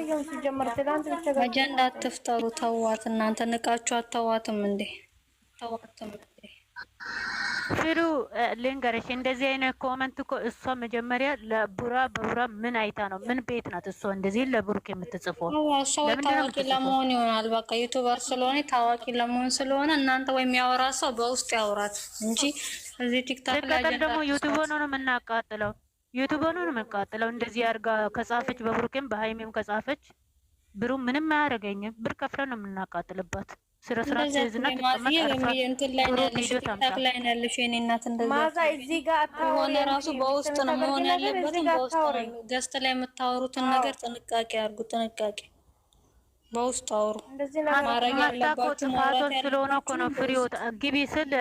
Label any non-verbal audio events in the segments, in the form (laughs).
አላየሁም። ሲጀመር ትላንት ብቻ አጀንዳ አትፍጠሩ። ተዋት እናንተ ንቃችሁ አተዋትም እንዴ? ተዋትም እንዴ? ፍሩ ልንገርሽ፣ እንደዚህ አይነት ኮመንት እኮ እሷ መጀመሪያ ለቡራ በቡራ ምን አይታ ነው? ምን ቤት ናት እሷ እንደዚህ ለብሩክ የምትጽፈው? ሰው ታዋቂ ለመሆን ይሆናል። በቃ ዩቱበር ስለሆነ ታዋቂ ለመሆን ስለሆነ እናንተ ወይም ያወራ ሰው በውስጥ ያወራት እንጂ እዚህ ቲክታክ ላይ ደግሞ ዩቱበር ነው የምናቃጥለው ዩቱበኑ ነው የምቃጥለው። እንደዚህ አድርጋ ከጻፈች በብሩኬም በሀይሜም ከጻፈች ብሩ ምንም አያደርገኝም። ብር ከፍለን ነው የምናቃጥልባት። ስራ ስራ ትይዝና ማዛ እዚህ ጋር ሆነ ራሱ በውስጥ ነው መሆን ያለበት። በውስጥ ነው ገስት ላይ የምታወሩትን ነገር ጥንቃቄ አድርጉ። ጥንቃቄ በውስጥ አውሩ። ማረግ ያለባችሁ ማረግ ስለሆነ እኮ ነው ፍሬዎት ግቢ ስል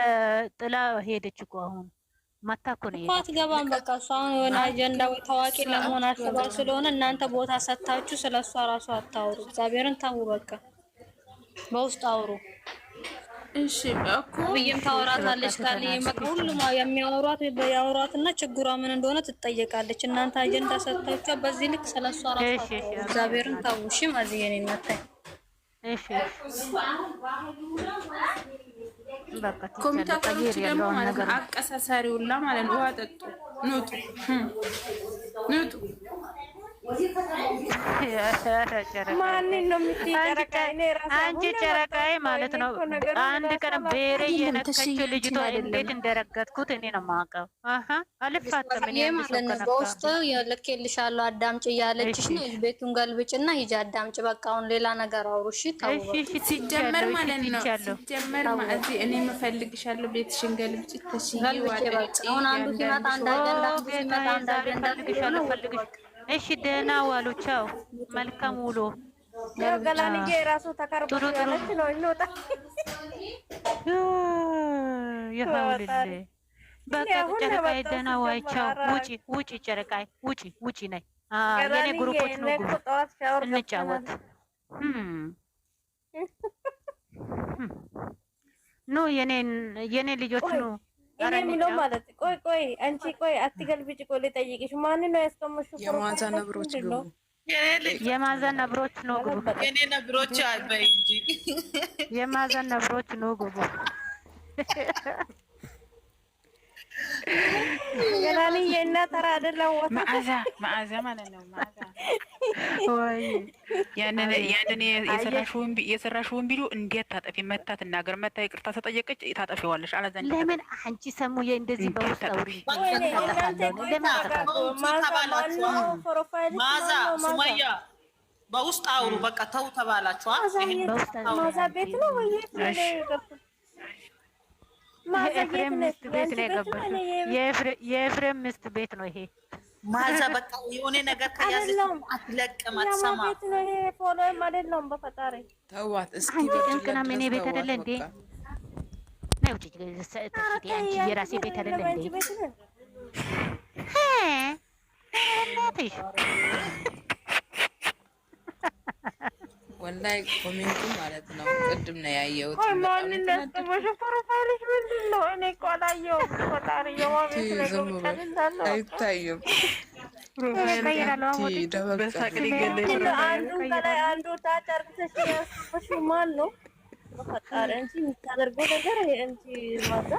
ጥላ ሄደች እኮ አሁን ማታኮ ነው አትገባም። በቃ እሷ አሁን የሆነ አጀንዳ ወይ ታዋቂ ለመሆን አስባ ስለሆነ እናንተ ቦታ ሰታችሁ ስለ እሷ ራሱ አታውሩ። እግዚአብሔርን ተው፣ በቃ በውስጥ አውሩ። እሺ እኮ ብዬም ታወራታለች ካለ በቃ ሁሉም የሚያወሯት እና ችግሯ ምን እንደሆነ ትጠየቃለች። እናንተ አጀንዳ ሰታችሁ በዚህ ልክ ስለ እሷ ራሱ አታውሩ። እግዚአብሔርን ተው። እሺ ማዚየኔ እናታይ እሺ ኮምፒውተሮች ደግሞ ማለት ነው አቀሳሳሪውላ ማለት ነው ውሃ ጠጡ፣ ንጡ ንጡ ማንን ነው አንቺ ጨረቃዬ ማለት ነው። አንድ ቀን ብሄር የነከችው ልጅቷ እንዴት እንደረገጥኩት እኔ ነው የማውቀው። አልፋትም በውስጥ ልኬልሻለሁ አዳምጭ እያለችሽ ነው። ቤቱን ገልብጭና ሂጂ አዳምጭ። በቃ አሁን ሌላ ነገር አውሩ። ሲጀመር ማለት ነው ሲጀመር ማለት እኔ የምፈልግሻለሁ ቤትሽን ገልብጭ። አሁን አንዱ ሲመጣ አንድ አጀንዳ አንዱ ሲመጣ አንድ እሺ፣ ደህና ዋሉ። ቻው፣ መልካም ውሎ። ገላንዬ የራሱ ተከርባለች ነው እንውጣ። ይኸውልህ በቃ ጨረቃዬ፣ ደህና ዋይ። ቻው። ውጪ፣ ውጪ፣ ጨረቃዬ፣ ውጪ፣ ውጪ ነይ። የኔ ግሩፖች ነው እንጫወት (laughs) የኔ ልጆች ነው እኔ የሚለው ማለት ቆይ ቆይ አንቺ ቆይ አትገልብጭ። ቆይ ልጠይቅሽ፣ ማንን ነው ያስቀመጥሽው? የማዛ ነብሮች ነው የማዛ ነብሮች ነው ግቡ። እኔ ነብሮች አልበይ እንጂ የማዛ ነብሮች ነው ግቡ። ገናኒ የእናት ተራ አይደለም። ማዛ ማዛ ማለት ነው ማዛ ያንን የሰራሽውን ቢሉ እንዴት ታጠፊ? መታ ትናገር፣ መታ ይቅርታ ተጠየቀች፣ ታጠፊዋለሽ። አላዘን ለምን አንቺ ሰሙዬ እንደዚህ በውስጥ አውሪ። ማዛ ሱመያ በውስጥ አውሩ። በቃ ተው ተባላችኋ። ማዛ ቤት ነው ወይ የኤፍሬም ምስት ቤት ነው ቤት ነው ይሄ ማዛ በቃ የሆነ ነገር ከያዘች አትለቅም፣ አትሰማ ነው። በፈጣሪ ተዋት እስኪ ቤት አይደለ እንዴ? የራሴ ቤት አይደለ እንዴ? ወላሂ ኮሜንቱ ማለት ነው ቅድም ነው ያየሁት ልጅ ምንድን ነው? እኔ እኮ አላየሁም። ፈጣሪ አይታይም። አንዱ ከላይ አንዱ ታች አርግተሽ ያስኩሽ ማን ነው? ፈጣሪ እንጂ የምታደርገው ነገር እንጂ ማዛ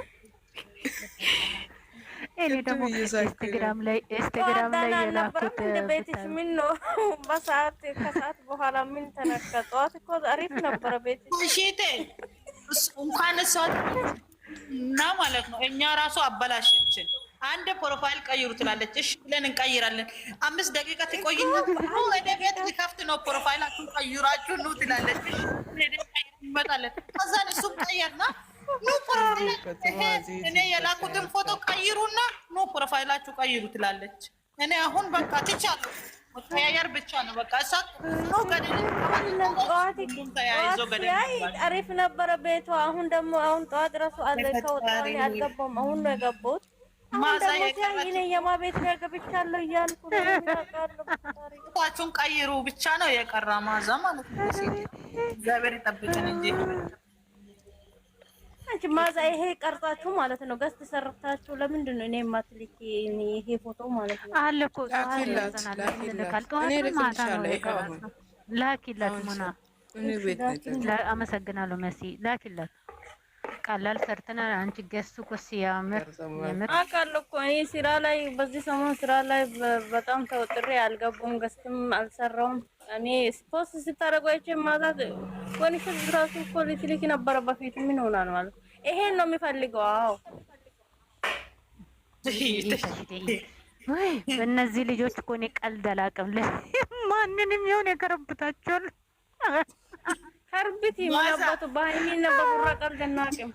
እኔ ደግሞ ኢንስታግራም ላይ ኢንስታግራም ላይ የላኩት ቤትሽ ምን ነው? በሰዓት ከሰዓት በኋላ ምን ተነካ? ጠዋት እኮ አሪፍ ነበረ ቤትሽ እንኳን እሷ እና ማለት ነው እኛ ራሱ አበላሸችን። አንድ ፕሮፋይል ቀይሩ ትላለች። እሺ ብለን እንቀይራለን። አምስት ደቂቃ ትቆይና ወደ ቤት ልከፍት ነው ፕሮፋይላችሁን ቀይራችሁ ኑ ትላለች። ይመጣለን። ከዛን እሱም ቀየርና ኑ እኔ የላኩትን ፎቶ ቀይሩና ኑ ፕሮፋይላችሁ ቀይሩ ትላለች። እኔ አሁን በቃ ትቻለሁ መተያየር ብቻ ነው በቃ። እሷ አሪፍ ነበረ ቤቷ። አሁን ደግሞ አሁን ጠዋት እራሱ አዘጋው አልገባም። አሁን ነው የገባሁት። እኔ የማ ቤት ነው ገብቻለሁ እያልኩ ቀይሩ ብቻ ነው የቀራ ማዛ ማለት ነው። እግዚአብሔር ይጠብቀን እንጂ አንቺ ማዛ ይሄ ቀርጻችሁ ማለት ነው ገዝት ሰርታችሁ ለምንድን ነው እኔ የማትልኪ? ይሄ ፎቶ ማለት ነው አለ እኮ ላኪላት። ሙና አመሰግናለሁ። መሲ ቀላል ሰርተናል። አንቺ ገዝቱ እኮ ሲያምር አውቃለሁ እኮ እኔ ስራ ላይ በዚህ ሰሞን ስራ ላይ በጣም ተወጥሬ አልገቡም ገዝትም አልሰራውም እኔ ፖስት ስታደርጓቸው ማዛት ኮንሽን ራሱ እኮ ልትልክ ነበረ በፊት። ምን ሆናል ማለት ይሄን ነው የሚፈልገው? አዎ በእነዚህ ልጆች እኮ እኔ ቀልድ አላውቅም። ማንንም ይሁን የከረብታቸዋል። ከርብቲ ማባቱ ባህኒ ነበር ቀልድ እናቅም።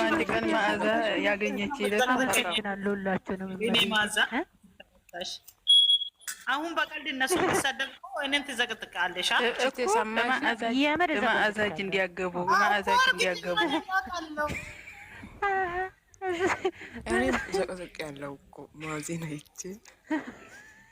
አንድ ቀን ማዕዛ ያገኘች ይለናል። ሁላችሁንም ማዕዛ አሁን በቀልድ እነሱ ሊሳደብ እኔም ትዘቅጥቃለሽ። ማዕዛጅ እንዲያገቡ ማዛጅ እንዲያገቡ እኔ ዘቅጥቅ (laughs) ያለው እኮ ማዜና ይቼ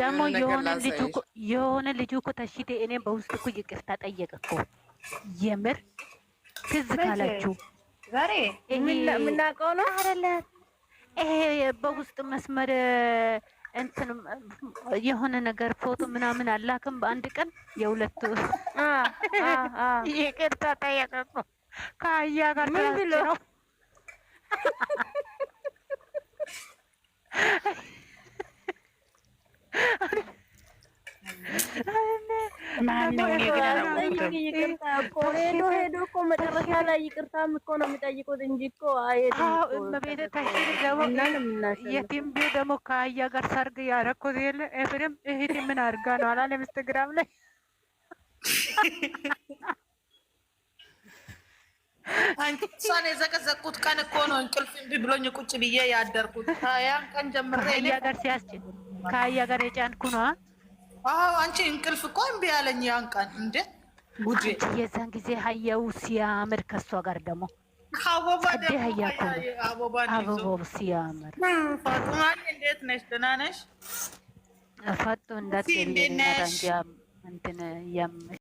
ደግሞ የሆነ ልጁ እኮ ተሽቴ እኔ በውስጥ እኮ ይቅርታ ጠየቀ እኮ የምር ትዝ ካላችሁ ዛሬ የምናውቀው ነው አይደለም። ይሄ በውስጥ መስመር እንትን የሆነ ነገር ፎቶ ምናምን አላክም። በአንድ ቀን የሁለቱ ይቅርታ ጠየቀ እኮ ከአያ ጋር ምን ብሎ ነው ማነው ሄዶ ሄዶ እኮ መጨረሻ ላይ ይቅርታም እኮ ነው የሚጠይቁት እንጂ እኮ የቲም ቤት ደግሞ ከአያ ጋር ሰርግ ያደረኩት የለ ኤፍሬም እህቴ ምን አድርጋ ነው አላለም ኢንስታግራም ላይ እሷን የዘቀዘቁት ቀን እኮ ነው እንቅልፍ እምቢ ብሎኝ ቁጭ ብዬ ያደርኩት ያን ቀን ጀምሬ ሲያስችል ከአያ ጋር የጫንኩ ነዋ። አንቺ እንቅልፍ እኮ እምቢ ያለኝ ያን ቀን እንደ ጉድ። የዛን ጊዜ ሀያው ሲያምር ከእሷ ጋር ደግሞ አበባው ሲያምር። እንዴት ነሽ? ደህና ነሽ? ፈጡ እንዳትል እንትን